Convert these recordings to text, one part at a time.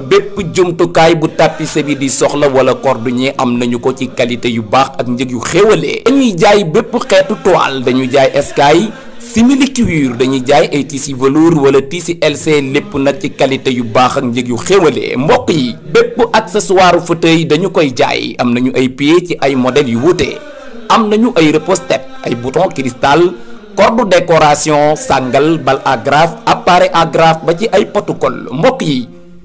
bépp jumtukaay bu tapisse bi di soxla wala cordonnier am nañu ko ci qualité yu baax ak njëg yu xéwalee dañuy jaay bépp xeetu toile dañu jaay eskay simili cuir dañuy jaay ay tissu velours wala tissu LC lépp nag ci qualité yu baax ak njëg yu xéwale mbokk yi bépp accessoire fauteuil dañu koy jaay am nañu ay pieds ci ay modèles yu wuute am nañu ay repose-tête ay bouton cristal corde décoration sangal bal agrafe appareil agrafe ba ci ay protocole mbokk yi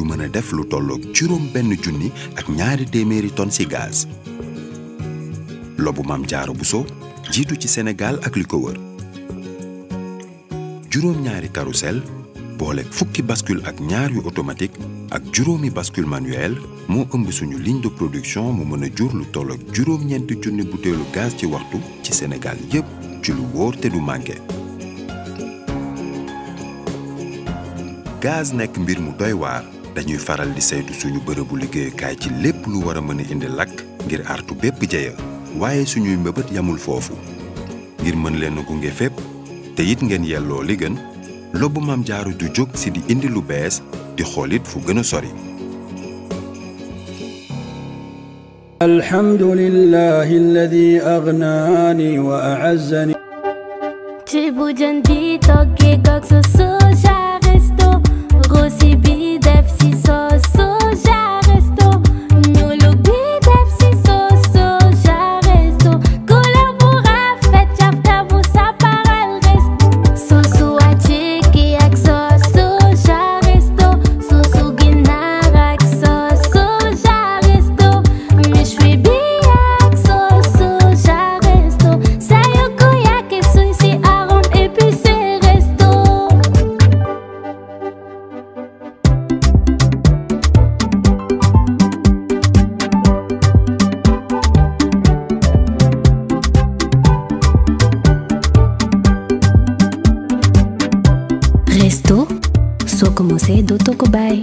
yu mën a def lu tolloog juróom junni ak ñaari téeméeri tonnes ci gaz. lobu maam jaaro Bousso jiitu ci senegal ak li ko wër juróom ñaari carrousel boole fukki baskul ak ñaar yu automatique ak juróomi baskul manuel moo ëmb suñu ligne de production mu mën a jur lu toll ak juróom-ñeenti junni butéelu gaz ci waxtu ci Sénégal yépp ci lu wóor te du manqué. gaz nekk mbir mu doy waar. dañuy faral di saytu suñu bërëbu liggéeyukaay ci lépp lu war a mën indi lakk ngir artu bépp jeya waaye suñuy mbëbët yamul foofu ngir mën leen a gunge fépp te it ngeen yelloo li gën lobbu maam jaaru ju jóg si di indi lu bees di xoolit fu gën a sori alhamdulillahi alladi agnaani wa a'azzani français d'Otokobay.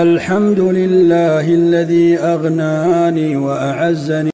الحمد لله الذي أغناني وأعزني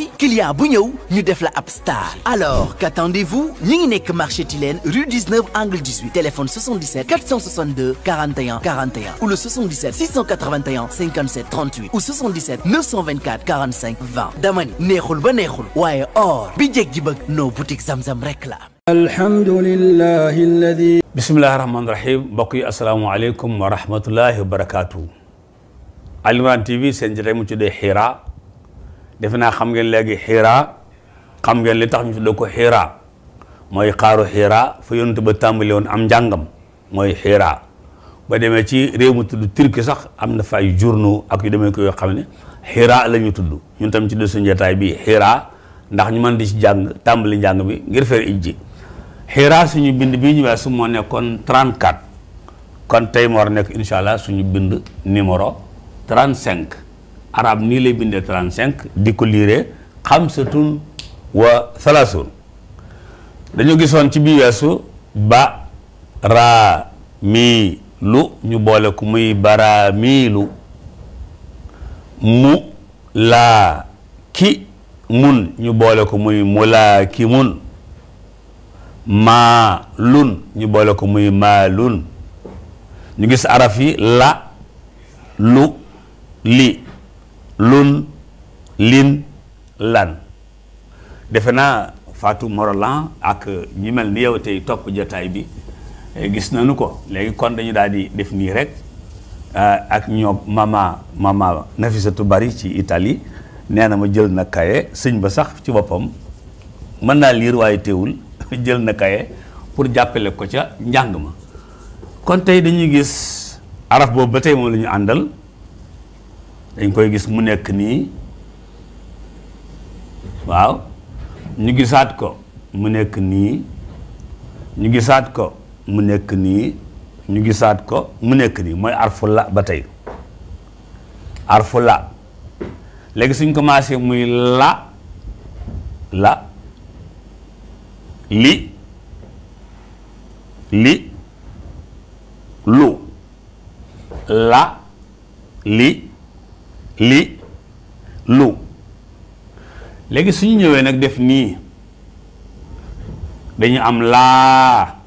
mooy client bu ñëw ñu def la ab star alors qu'attendez-vous ñi ngi nekk marché Tilène rue 19 angle 18 téléphone 77 462 41 41 ou le 77 681 57 38 ou 77 924 45 20 dama ni neexul ba neexul waaye or bi jeg ji bëgg noo boutique Zamzam rek la alhamdulillahi alladi bismillahi rahmaani rahim mbokk yi asalaamaaleykum wa rahmatullahi wa barakaatu Alimran TV seen jotaay mu tuddee Hira defe naa xam ngeen léegi xiira xam ngeen li tax ñu tuddee ko xiira mooy xaaru xiira fa yonent ba tàmbali woon am njàngam mooy xiira ba demee ci réew mu tudd turki sax am na fa ay journaux ak yu demee ko yoo xam ne xiira la ñu tudd ñun tam ci de suñu jotaay bi xiira ndax ñu mën di ci jàng tàmbali njàng bi ngir fer ijji xiira suñu bind bii ñu weesu moo nekkoon 34 kon tey moo war nekk incha allah suñu bind numéro 35. arab nii lay bindee 35 di ko liiree xamsatun wa salaasuun dañu gisoon ci biir ba raa mii lu ñu boole ku muy baraa mii lu mu laa ki mun ñu boole ko muy mulaa ki mun maa lun ñu boole ko muy maa lun ñu gis araf la lu li lun lin lan defe naa faatu Morolan ak ñi mel ni yow tey topp jotaay bi eh, gis nañu ko léegi kon dañu daal di def nii rek eh, ak ñoo mama mama Nafisatu Bari ci itali nee na ma jël na kaye sëñ ba sax ci boppam mën naa liir waaye teewul jël na kaye pour jàppale ko ca njàng ma kon tey dañuy gis araf boobu ba tey moom lañu àndal dañ koy gis mu nekk nii waaw ñu gisaat ko mu nekk nii ñu gisaat ko mu nekk nii ñu gisaat ko mu nekk nii mooy arfu la ba tey arfu la léegi suñ commencé muy la la li li lu la li li lu léegi suñu ñëwee nag def nii dañu am laa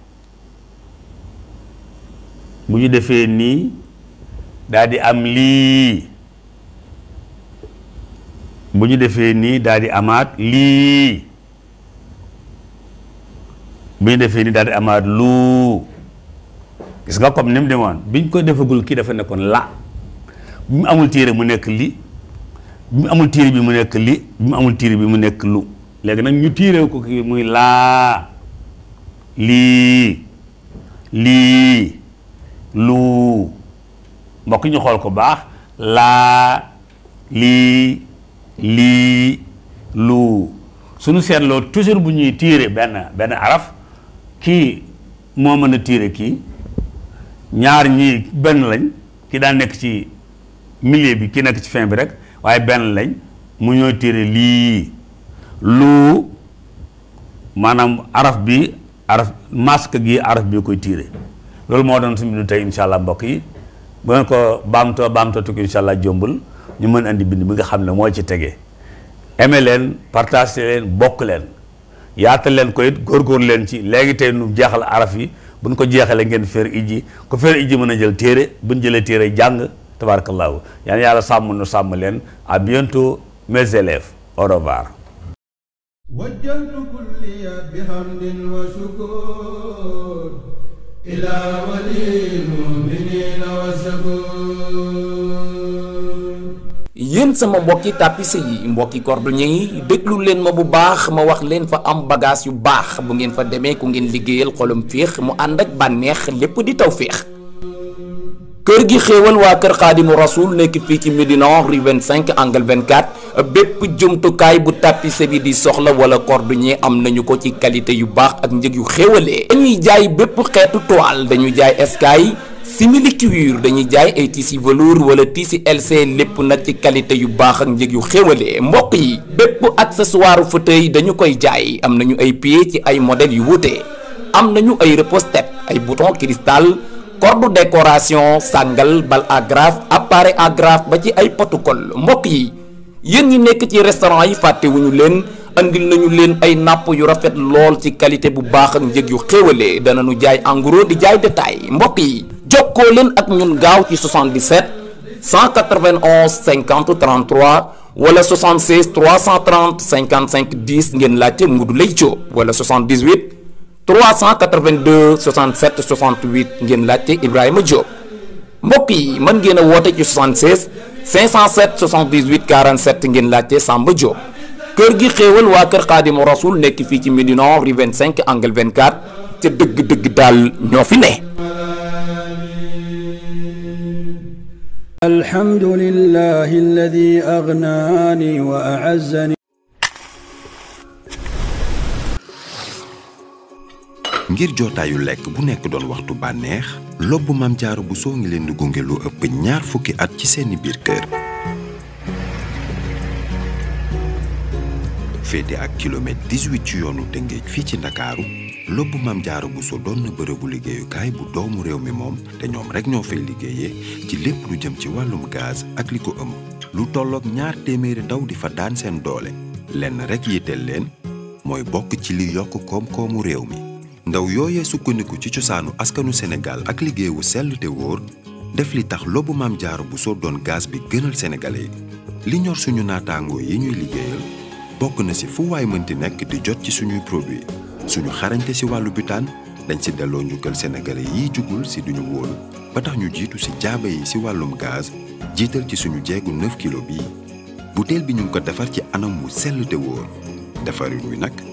bu ñu defee nii daldi am lii bu ñu defee nii daal amaat lii bu ñu defee nii daldi amaat lu gis nga comme ni mu bi ñu ko defagul kii dafa nekkoon la bi amul téere mu nekk li bi amul téere bi mu nekk li bi amul téere bi mu nekk lu léegi nag ñu tiire ko kii muy laa lii lii lu mbokk ñu xool ko baax laa lii lii lu suñu loo toujours bu ñuy tiire benn benn araf kii moo mën a tiire kii ñaar ñii benn lañ ki daan nekk ci millier bi ki nekk ci fin bi rek waaye benn lañ mu ñooy téere lii lu maanaam araf bi araf masque gi araf bi koy téere loolu moo doon suñu bindu tey incha allah mbokk yi bu ngeen ko baamtoo baamtoo tukki incha jombul ñu mën indi bind bi nga xam ne moo ci tegee aimé leen partagé leen bokk leen yaatal leen ko it góorgóorlu leen ci léegi tey nu jeexal araf yi bu ñu ko jeexalee ngeen féer ijji ko féer ijji mën a jël téere bu ñu jëlee téere jàng tabarakallahu yaan yàlla sàmm nu sàmm leen à bientôt mes élèves au revoir وجهت كلي بحمد وشكر إلى ولي المؤمنين وسكور yéen sama mbokki tapisse yi mbokki cordonnier yi déglu leen ma bu baax ma wax leen fa am bagage yu baax bu ngeen fa demee ku ngeen liggéeyal xolum féex mu ànd ak bànneex lépp di taw féex kër gi xéewal waa kër xaadimu rasul nekk fii ci Médina rue 25 angle 24 bépp jumtukaay bu tapissier bi di soxla wala cordonnier am nañu ko ci qualité yu baax ak njëg yu xéewalee dañuy jaay bépp xeetu toile dañuy jaay eskay simili cuir dañuy jaay ay tissu velours wala tissu LC lépp nag ci qualité yu baax ak njëg yu xéwalee mbokk yi bépp accessoire fauteuil dañu koy jaay am nañu ay pie ci ay modèles yu wuute am nañu ay repose ay bouton cristal corde décoration sàngal bal agrafe appareil agrafe ba ci ay protocole mbokk yi yéen ñi nekk ci restaurant yi fàttewuñu leen andil nañu leen ay napp yu rafet lool ci qualité bu baax ak njëg yu xéwalee danañu jaay en di jaay détail mbokk yi jokkoo leen ak ñun gaaw ci 77 191 50 33 wala 76 330 55 10 ngeen laajte Modou Lay Diop wala 78 382 67 68 ngeen laajte Ibrahima Diop mbokk yi mën ngeen a woote ci 76 507 78 47 ngeen laajte samb Diop kër gi xéewal waa kër Xaadimu Rasuul nekk fii ci Médina rue 25 angle 24 ca dëgg-dëgg daal ñoo fi ne. alhamdulillahi alladi agnaani wa a'azzani ngir jotaayu lekk bu nekk doon waxtu bànneex lobb Mame bu Bousso ngi leen di gunge lu ëpp ñaar fukki at ci seeni biir kër. féete ak kilomètre 18 ci yoonu Tëngéej fii ci Ndakaaru lobb Mame Diarra bu doon na bërëbu liggéeyukaay bu doomu réew mi moom te ñoom rek ñoo fay liggéeyee ci lépp lu jëm ci wàllum gaz ak li ko ëmb. lu tollook ñaar téeméeri ndaw di fa daan seen doole lenn rek yitteel leen mooy bokk ci li yokk koom-koomu réew mi. ndaw yooyee sukkandiku ci cosaanu askanu Sénégal ak liggéeyu sell te wóor def li tax lobu maam jaaru bu soo doon gaz bi gënal sénégalais yi li ñor suñu naataangoo yi ñuy liggéeyal bokk na si fu waay mënti nekk di jot ci suñuy produit suñu xarañte si wàllu butaan dañ si delloo njukkal sénégalais yiy jugul si duñu wóolu ba tax ñu jiitu si jaaba yi si wàllum gaz jiital ci suñu jeegu 9 kilo bii butéel bi ñu ngi ko defar ci anam wu sell te wóor defarin wi nag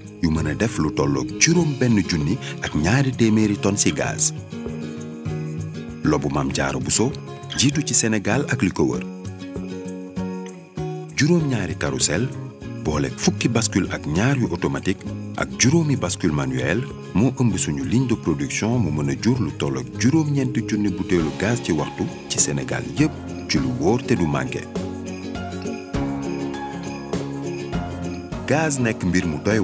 yu mën a def lu tolloog juróom benn junni ak ñaari téeméeri tonnes ci gaz. lobu jaaro bu Buso jiitu ci senegal ak li ko wër juróom ñaari carrousel booleeg fukki bascule ak ñaar yu automatique ak juróomi bascule manuel moo ëmb suñu ligne de production mu mën a jur lu tollook juróom-ñeenti junni butéelu gaas ci waxtu ci senegal yépp ci lu wóor te du manqué. nekk mbir mu doy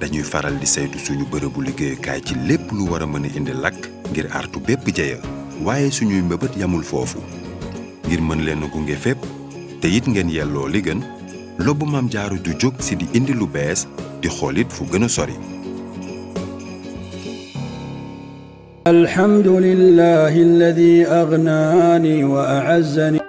dañuy faral di saytu suñu bërëbu liggéeyukaay ci lépp lu war a mën a indi lakk ngir artu bépp jeya waaye suñuy mbëbët yamul foofu ngir mën leen a gunge fépp te it ngeen yelloo li gën lobbu maam jaaru du jóg si di indi lu bees di xoolit fu gën a sori alhamdulillahi alladi agnaani wa aazzani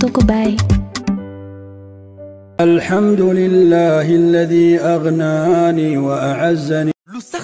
Tocobay. الحمد لله الذي أغناني وأعزني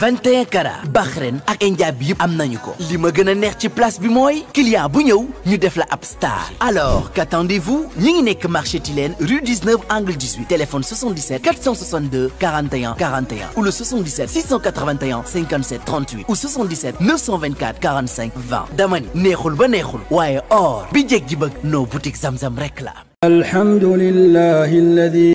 21 carats Bahreïn ak bi yëpp am nañu ko li ma gën place bi mooy client bu ñu def la ab star alors qu'attendez-vous ñi ngi nekk rue angle ou le 77 ou 77 neexul ba neexul waaye or bi jég ji bëgg noo boutique Zamzam rek